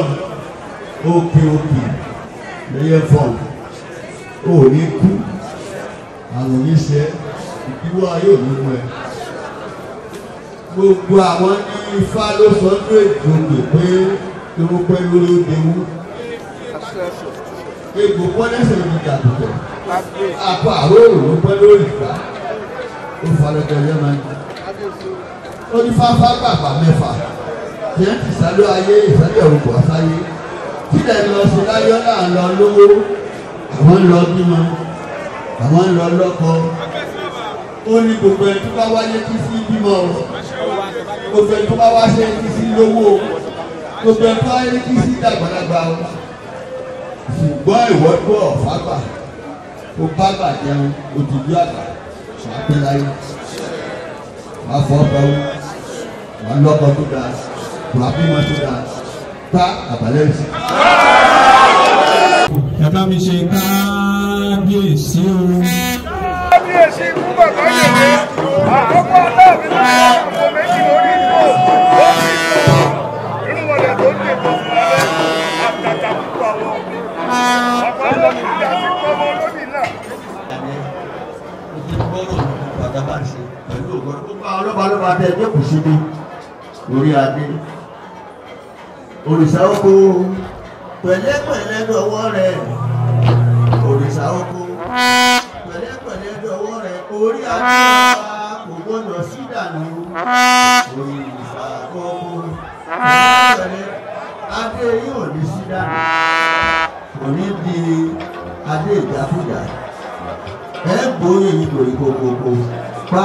òkè òkè lẹ́yẹ fọ́n ò ní kú àwọn oníṣẹ́ ìdíwọ́ ayé ò ní mú ẹ. gbogbo àwọn ní ifá ló sọ ní ègbòǹgbè pé ewu pẹ́ lórí ewu. egbò pọ́n lẹ́sẹ̀ ní ìdàgbò àpò àrórò ló pẹ́ lórí ìgbà ó falẹ̀ jẹ́ yẹ́n máa ń jẹ́. ó ní fáfá gbàgbà mẹ́fà tí ń tìsálú ayé ìsálú ẹ̀rùkọ̀ àsáyé kílẹ̀ ń lọ sí láyọ̀ náà lọ lówó àwọn ń lọ bímọ àwọn ń lọ lọ́kọ ó ní gbogbo ẹni tó bá wáyé kí sí bímọ gbogbo ẹni tó bá wáṣẹ kí sí lówó gbogbo ẹni tó wáyé kí sí dàgbàlagbà o ṣùgbọ́n ìwọ́dọ̀ ọ̀fàgbà tó bá bàjẹ́ òdìdí àgbà wàá láyé wàá fọ́ bẹ́ẹ̀ wàá lọ́kọ tó dáa kurabi ma ti da ta àbálẹ̀ sí. ẹ bá mi ṣe káábíyèsí o. káábíyèsí fún bàbá yẹn àkọ́kọ́ aláàbí náà ọmọ méjì lórí ìlú ó ti sọ inú ọ̀rẹ́ tó ń dìbò fún ẹ àtàtà púpọ̀ wọn. bàbá náà ti dà sí kọ́mọ lónìí náà. ó ti gbọ́rọ̀ bàtà bá ló máa bẹ ẹgbẹ́ kùsùn ní orí adé òrìṣà oko pẹ̀lẹ́pẹ̀lẹ́ dọwọ́ rẹ̀ òrìṣà oko pẹ̀lẹ́pẹ̀lẹ́ dọwọ́ rẹ̀ orí àti kò gbọ́dọ̀ sí dànù òrìṣà oko adé yóò ní sí dànù kò di adé ìjàkújà ẹ̀ gbóyè ní kòríkòkòkò pa.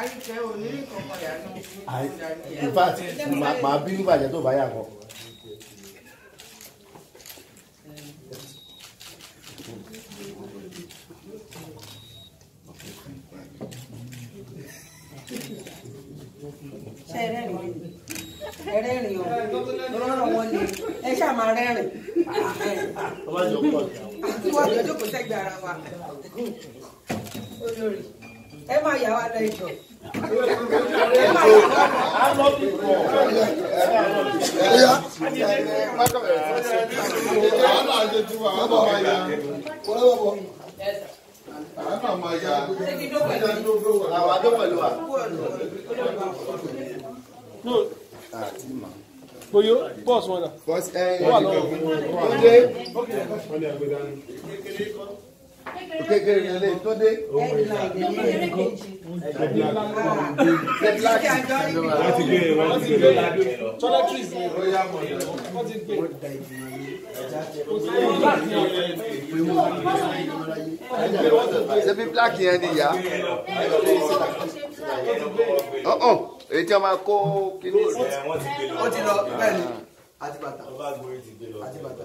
àyíkẹ́ òní nǹkan kan yà ló ń darí ẹ̀. in fact màá bínú bàjẹ́ tó bá yà kọ́. ṣe rẹ́rìn rẹ́rìn o ni ẹ ṣáà máa rẹ́rìn. àti wọ́n jọ jókòó sẹ́gbẹ̀ẹ́ ara wa ẹ máa yà wá lọ ìjọ. Oyo, boss wọn la. Boss ẹ ẹ ọdẹ kékeré ní ilé tó dé. láti gbé e black yẹn ni ìyá. èyí tí wọ́n máa kó kíní. ó ti lọ bẹ́ẹ̀ ni àti bàtà àti bàtà.